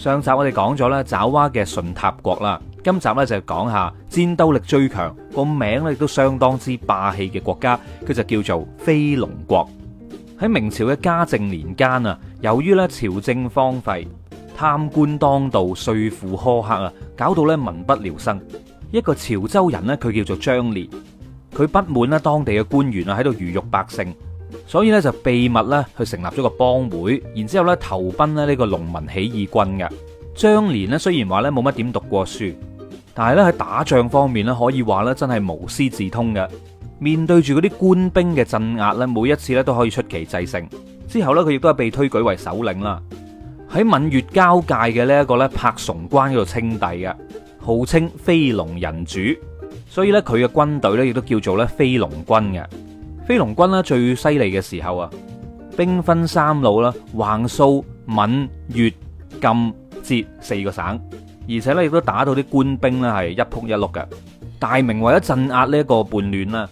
上集我哋講咗咧爪哇嘅順塔國啦，今集咧就講下戰鬥力最強個名咧亦都相當之霸氣嘅國家，佢就叫做飛龍國。喺明朝嘅嘉靖年間啊，由於咧朝政荒廢，貪官當道，稅賦苛刻啊，搞到咧民不聊生。一個潮州人呢，佢叫做張烈，佢不滿咧當地嘅官員啊喺度魚肉百姓。所以咧就秘密咧去成立咗個幫會，然之後咧投奔咧呢個農民起義軍嘅張璉呢，雖然話咧冇乜點讀過書，但係咧喺打仗方面咧可以話咧真係無師自通嘅。面對住嗰啲官兵嘅鎮壓咧，每一次咧都可以出奇制勝。之後咧佢亦都係被推舉為首領啦。喺閩越交界嘅呢一個咧柏嵩關嗰度稱帝嘅，號稱飛龍人主，所以咧佢嘅軍隊咧亦都叫做咧飛龍軍嘅。飛龍軍啦最犀利嘅時候啊，兵分三路啦，橫掃閩、粵、贛、浙四個省，而且咧亦都打到啲官兵咧係一仆一碌嘅。大明為咗鎮壓呢一個叛亂啦，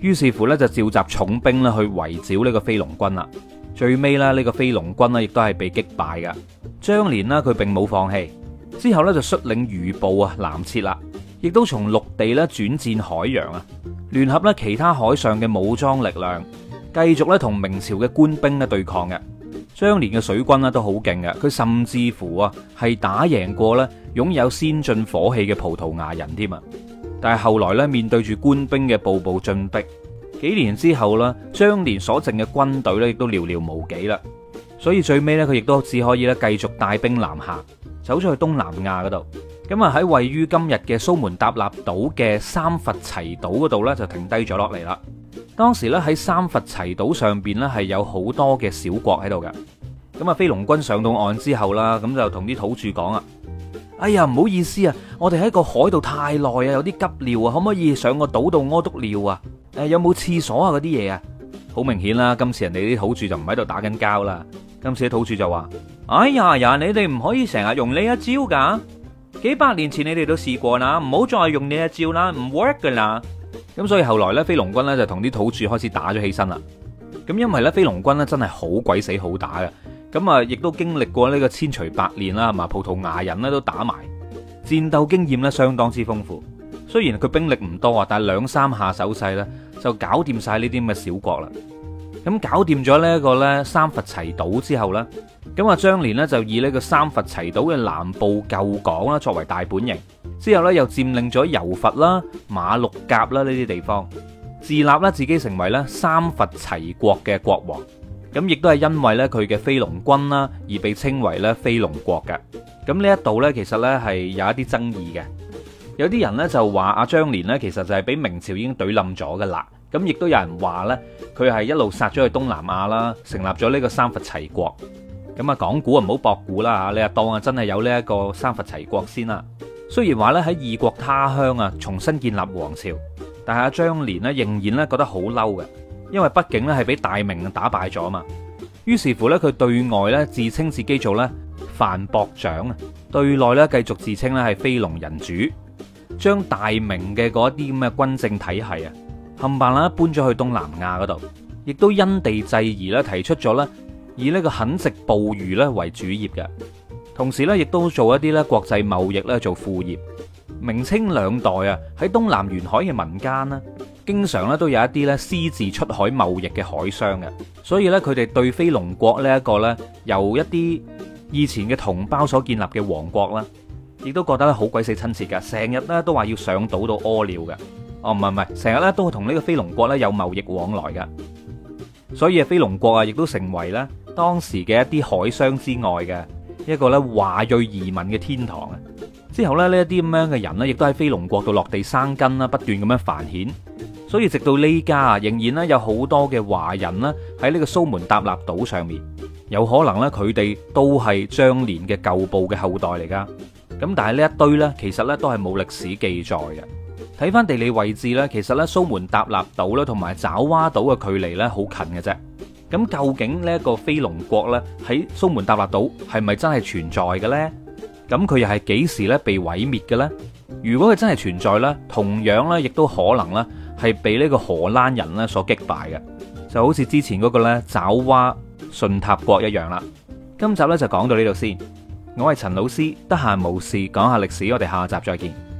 於是乎呢，就召集重兵啦去圍剿呢個飛龍軍啦。最尾啦呢個飛龍軍咧亦都係被擊敗嘅。張璉呢，佢並冇放棄，之後呢，就率領餘部啊南撤啦，亦都從陸地咧轉戰海洋啊。聯合咧其他海上嘅武裝力量，繼續咧同明朝嘅官兵咧對抗嘅。張璉嘅水軍咧都好勁嘅，佢甚至乎啊係打贏過咧擁有先進火器嘅葡萄牙人添啊！但係後來咧面對住官兵嘅步步進逼，幾年之後啦，張璉所剩嘅軍隊咧亦都寥寥無幾啦，所以最尾咧佢亦都只可以咧繼續帶兵南下，走咗去東南亞嗰度。咁啊！喺位於今日嘅蘇門答臘島嘅三佛齊島嗰度呢就停低咗落嚟啦。當時咧喺三佛齊島上邊呢係有好多嘅小國喺度嘅。咁啊，飛龍軍上到岸之後啦，咁就同啲土著講啊、哎：，哎呀，唔好意思啊，我哋喺個海度太耐啊，有啲急尿啊，可唔可以上個島度屙督尿啊？誒，有冇廁所啊？嗰啲嘢啊，好明顯啦。今次人哋啲土著就唔喺度打緊交啦。今次啲土著就話：，哎呀呀，你哋唔可以成日用呢一招噶。幾百年前你哋都試過啦，唔好再用你一招啦，唔 work 噶啦。咁所以後來呢，飛龍軍呢就同啲土著開始打咗起身啦。咁因為呢，飛龍軍呢真係好鬼死好打嘅。咁啊，亦都經歷過呢個千錘百鍊啦，係嘛？葡萄牙人呢都打埋，戰鬥經驗呢相當之豐富。雖然佢兵力唔多啊，但係兩三下手勢呢，就搞掂晒呢啲咁嘅小國啦。咁搞掂咗呢一個咧三佛齊島之後呢，咁阿張璉呢就以呢個三佛齊島嘅南部舊港啦作為大本營，之後呢又佔領咗柔佛啦、馬六甲啦呢啲地方，自立啦自己成為咧三佛齊國嘅國王。咁亦都係因為咧佢嘅飛龍軍啦而被稱為咧飛龍國嘅。咁呢一度呢，其實呢係有一啲爭議嘅，有啲人呢就話阿張璉呢，其實就係俾明朝已經懟冧咗㗎喇。咁亦都有人話呢，佢係一路殺咗去東南亞啦，成立咗呢個三佛齊國。咁啊，講古唔好駁古啦吓，你啊當啊真係有呢一個三佛齊國先啦。雖然話呢，喺異國他鄉啊，重新建立王朝，但係張連呢，仍然呢覺得好嬲嘅，因為畢竟呢係俾大明打敗咗嘛。於是乎呢，佢對外呢，自稱自己做呢范博長啊，對內呢繼續自稱呢係飛龍人主，將大明嘅嗰啲咁嘅軍政體系啊。冚唪唥，搬咗去東南亞嗰度，亦都因地制宜咧，提出咗咧以呢個墾殖捕魚咧為主業嘅，同時咧亦都做一啲咧國際貿易咧做副業。明清兩代啊，喺東南沿海嘅民間咧，經常咧都有一啲咧私自出海貿易嘅海商嘅，所以咧佢哋對飛龍國呢一個咧由一啲以前嘅同胞所建立嘅王國啦，亦都覺得好鬼死親切噶，成日咧都話要上島到屙尿嘅。哦，唔係，唔係，成日咧都同呢個飛龍國咧有貿易往來嘅，所以啊，飛龍國啊亦都成為咧當時嘅一啲海商之外嘅一個咧華裔移民嘅天堂啊。之後咧呢一啲咁樣嘅人咧，亦都喺飛龍國度落地生根啦，不斷咁樣繁衍。所以直到呢家啊，仍然咧有好多嘅華人咧喺呢個蘇門答臘島上面，有可能咧佢哋都係張璉嘅舊部嘅後代嚟噶。咁但係呢一堆呢，其實咧都係冇歷史記載嘅。睇翻地理位置呢，其實咧蘇門答臘島咧同埋爪哇島嘅距離咧好近嘅啫。咁究竟呢一個飛龍國咧喺蘇門答臘島係咪真係存在嘅呢？咁佢又係幾時咧被毀滅嘅呢？如果佢真係存在呢，同樣呢，亦都可能呢，係被呢個荷蘭人咧所擊敗嘅，就好似之前嗰個咧爪哇順塔國一樣啦。今集呢，就講到呢度先。我係陳老師，得閒無事講下歷史，我哋下集再見。